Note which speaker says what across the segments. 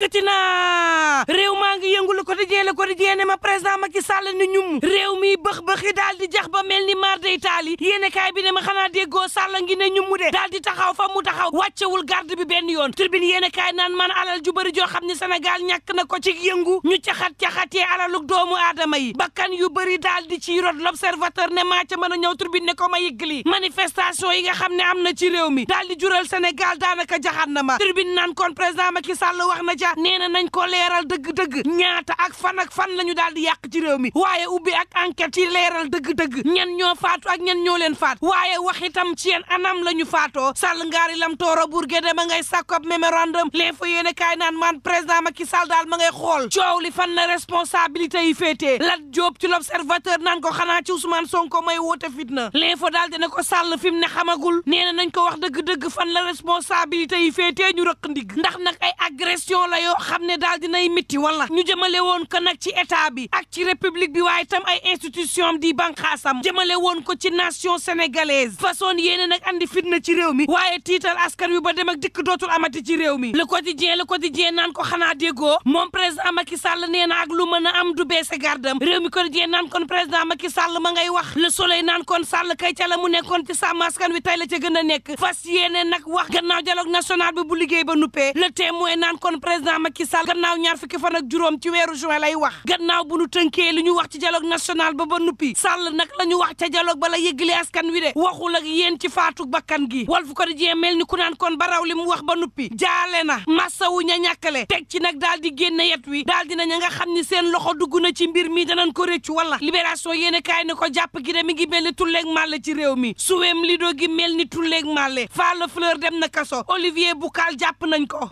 Speaker 1: yëkkati naa réew maa ngi yëngu ko quotidien ko quotidien ma président Macky Sall ni ñum réew mi bëx bëxi daal jax ba mel ni mar day taali yéene kaay bi ne ma xanaa déggoo Sall ngi ne ñum mu de daal di taxaw fa mu taxaw wàccewul garde bi benn yoon tribune yéene kaay naan man alal ju bëri joo xam ne Sénégal ñàkk na ko ci yëngu ñu caxat-caxatee alaluk doomu aadama yi bakkan yu bëri daal di ciy rot l'observateur ne maa ca a ñëw tribune ne ko ma yëgli manifestation yi nga xam ne am na ci réew mi daal di jural Sénégal daanaka jaxaat na ma tribune naan kon président Macky Sall wax na ca nee nañ ko leeral dëgg-dëgg ñaata ak fan ak fan la ñu daal di yàq ci réew mi waaye ubbi ak enquête ci leeral dëgg-dëgg ñan ñoo faatu ak ñan ñoo leen faatu waaye wax itam ci yeen anam la ñu faatoo sàll ngaari lam tooro burge de ma ngay sàkkob mémorandum les fa yéene kaay naan man président Macky Sall daal ma ngay xool coow li fan la responsabilité yi féetee Lat Diop ci l'observateur nan ko xanaa ci Ousmane Sonko may woote fitna fo daal ne ko sàll fi mu ne xamagul nee na nañ ko wax dëgg-dëgg fan la responsabilité yi féetee ñu rëq ndig ndax nag ay agression la saaga yoo xam ne daal di nay mitti wala ñu jëmale woon ko nag ci état bi ak ci république bi waaye tam ay institution am di banqaasam jëmale woon ko ci nation sénégalaise façon yéene nag andi fitna ci réew mi waaye tiital askan wi ba dem ak dikk dootul amati ci réew mi le quotidien le quotidien naan ko xanaa déggoo moom président Macky Sall nee na ak lu mën a am du beese gardam réew mi quotidien naan kon président Macky Sall ma ngay wax le soleil naan Sall kay ca la mu nekkoon ci sàmm askan wi tey la ca gën a nekk fas yéene nag wax gannaaw dialogue national bi bu liggéey ba nuppee le témoin kon président président Macky Sall gannaaw ñaar fukki fan juróom ci weeru juin lay wax gannaaw bu nu tënkee li ñu wax ci dialogue national ba ba nuppi Sall nag la ñu wax ca dialogue ba la yëgli askan wi de waxul ak yéen ci faatu bakkan gi Walf Quotidien mel ni ku naan kon baraw li mu wax ba nuppi jaale na massawu ña ñàkkale teg ci nag daal di génne yet wi daal di na ña nga xam ni seen loxo dugg na ci mbir mi danañ ko réccu wala libération yéene kaay ne ko jàpp gi de mi ngi mel ni tulleeg màlle ci réew mi suweem lido gi mel ni tulleeg màlle na kaso Olivier Boucal jàpp nañ ko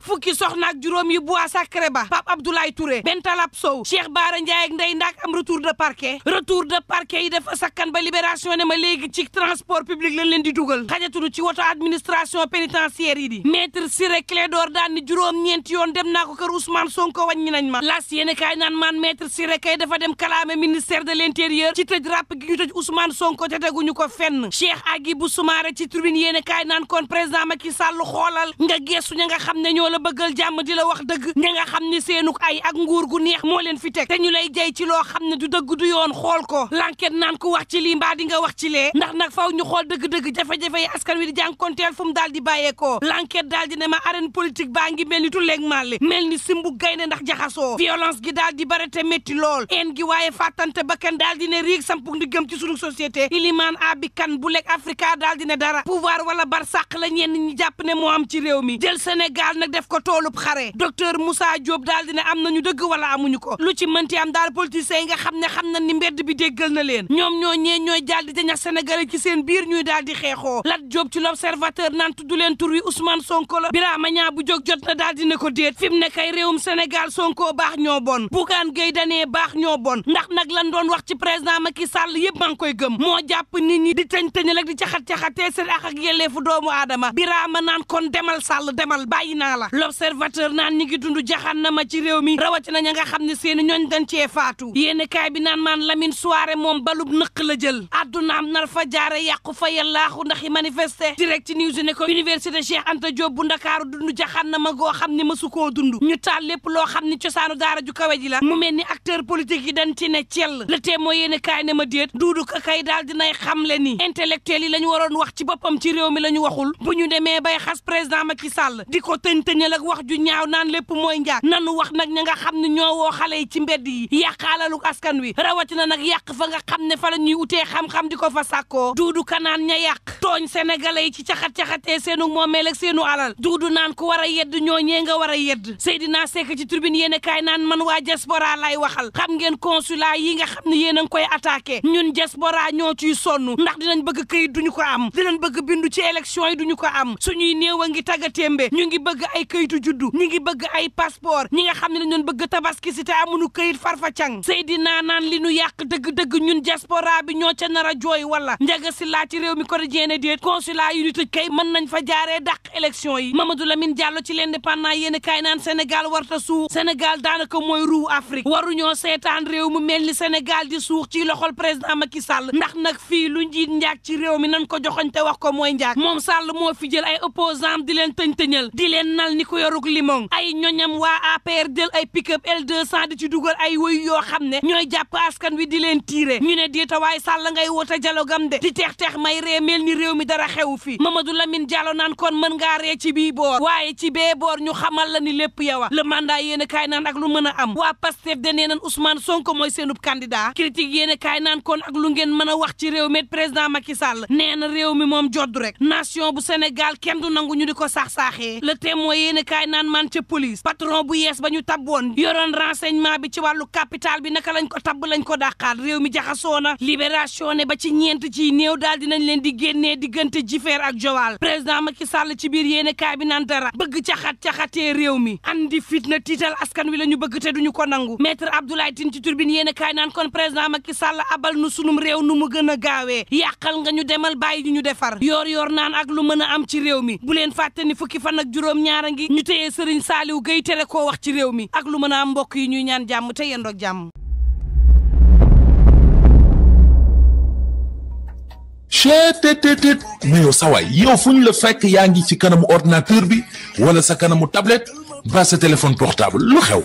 Speaker 1: bois sacré ba Pape Abdoulaye Touré Bentalab Sow Cheikh Baara Ndiaye ak Ndeye Ndack am retour de parquet retour de parquet yi dafa sakkan ba libération ne ma léegi ci transport public lañ leen di dugal xajatunu ci woto administration pénitentiaire yi di maître Ciré Clédor daan ni juróom-ñeenti yoon dem naa ko kër Ousmane Sonko wàññi nañ ma las yéene kaay naan maan maître Ciré kay dafa dem kalaame ministère de l'intérieur ci tëj ràpp gi ñu tëj Ousmane Sonko te teguñu ko fenn Cheikh Agibou Soumaré ci tribune yéene naan kon président Macky Sall xoolal nga geesu ña nga xam ne ñoo la bëggal jàmm di la wax dëgg ña xam ni seenu ay ak nguur gu neex moo leen fi teg te ñu lay jay ci loo xam ne du dëgg du yoon xool ko l'enquête naan ku wax ci li mbaa di nga wax ci lee ndax nag faw ñu xool dëgg-dëgg jafe-jafe yi askan wi di jànkonteel fu mu daal di bàyyeekoo l'enquête daal di ne ma arène politique baa ngi mel ni tulleeg màlle mel ni simbu gaynde ndax jaxasoo violence gi daal di bare te métti lool en gi waaye fàttante bakkan daal di ne riig sampug ndi gëm ci sunu société ilimaan abi kan bu lekk africa daal di dara pouvoir wala bar sàq la ñenn ñi jàpp ne moo am ci réew mi jël sénégal nag def ko toolub xare docteur Moussa Diop daal di ne am nañu dëgg wala amuñu ko lu ci mënti am daal politiciens yi nga xam ne xam na ni mbedd bi déggal na leen ñoom ñoo ñee ñooy daal di jañax sénégalais ci seen biir ñuy daal di xeexoo Lat Diop ci l'observateur naan tudd leen tur wi Ousmane Sonko la Birama Ñaa bu jóg jot na daal di ne ko déet fi mu ne kay réewum Sénégal Sonko baax ñoo bon Bougane gay Dany baax ñoo bon ndax nag lan doon wax ci président Macky Sall yëpp maa ngi koy gëm moo jàpp nit ñi di tëñ-tëñal ak di caxat-caxatee seen ak ak yelleefu doomu aadama Birama naan kon demal Sall demal bàyyi naa la l'observateur naan ñu ngi dund jaxannama ci réew mi rawatina ña nga xam ne seen ñooñ dañ cee faatu yéeni kaay bi naan maan Lamine Souaré moom balub nëq la jël addunaam nar fa jaare yàqu fa yallaaxu ndax yi manifesté direct news ne ko université Cheikh Anta Diop bu Ndakaaru dund jaxannama goo xam ne mësu koo dund ñu taal lépp loo xam ne cosaanu daara ju kawe ji la mu mel ni acteur politique yi dañ ci ne cell le tee moo yéeni kaay ne ma déet duudu ka kay yi la ñu waroon wax ci boppam ci réew mi la ñu waxul bu ñu demee bay xas président Macky Sall di ko tëñ tëñal ak wax ju lépp mooy njaag nanu wax nag ña nga xam ne ñoo woo xale yi ci mbedd yi yàq alalu askan wi rawatina nag yàq fa nga xam ne fa la ñuy utee xam-xam di ko fa sàkkoo duudu kanaan ña yàq tooñ sénégalais yi ci caxat-caxatee seenu moomeel ak seenu alal duudu naan ko war a yedd ñoo ñee nga war a yedd Seydina Seck ci tribune yéen kaay naan man waa diaspora lay waxal xam ngeen consulat yi nga xam ne yéen a ngi koy attaqué ñun diaspora ñoo ciy sonn ndax dinañ bëgg këyit duñu ko am dinañ bëgg bindu ci élection yi duñu ko am suñuy néew a ngi taggatémbe ñu ngi bëgg ay këyitu juddu ñu ngi bëgg ay passeport ñi nga xam ne dañu bëgg tabaski si te amuñu këyit farfa cang Seydina naan li nu yàq dëgg-dëgg ñun diaspora bi ñoo ca nar a jooy wala njaga si laa ci réew mi quotidien ne déet consulat yu ñu tëj kay mën nañ fa jaaree dàq élection yi la min Diallo ci l'indépendant yéen kaay naan war warta suux Sénégal daanaka mooy ruu Afrique waruñoo seetaan réew mu mel ni Sénégal di suux ci loxol président Macky Sall ndax nag fii lu njiit njaag ci réew mi nañ ko joxoñ te wax ko mooy njaag moom Sall moo fi jël ay opposants di leen tëñ tëñal di leen nal ni ko yoruk limon ay ñoñam waa APR jël ay pick-up L200 di ci dugal ay woy yoo xam ne ñooy jàpp askan wi di leen tiire ñu ne diita waaye Sall ngay jalo gam de di teex-teex may ree mel ni réew mi dara xew fi Mamadou lamin jalo naan kon mën ngaa ree ci bii boor waaye ci bee boor ñu xamal la ni lépp yowa le mandat yéen a kaay naan ak lu mën a am waa Pastef de nee naan Ousmane Sonko mooy seenub candidat critique yéen a kaay naan kon ak lu ngeen mën a wax ci réew mi président Macky Sall nee na réew mi moom jodd rek nation bu Sénégal kenn du nangu ñu di ko sax-saaxee le police patron bu yees ba ñu tabboon yoroon renseignement bi ci wàllu capital bi naka lañ ko tabb lañ ko dàqaat réew mi jaxasoo na ne ba ci ñeent ci néew daal dinañ leen di génnee diggante jifeer ak jowaal président Macky ci biir yéene kaay bi naan dara bëgg caxat caxatee réew andi fitna tiital askan wi la ñu bëgg te duñu ko nangu maître Abdoulaye Tine ci turbine yéene kaay naan kon président Macky Sall abal nu sunum réew nu mu gën a gaawee nga a am mi bu leen Aliou Guèye télé koo wax ci réew mi ak lu mën a mbokk yi ñuy ñaan jàmm te yendoog jàmm chetttt mais yow sa waay yow fu ñu la fekk yaa ngi ci kanamu ordinateur bi wala sa kanamu tablette ba sa téléphone portable lu xew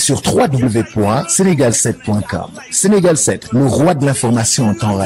Speaker 1: sur wwwsénégal Sénégal 7, le roi de l'information en temps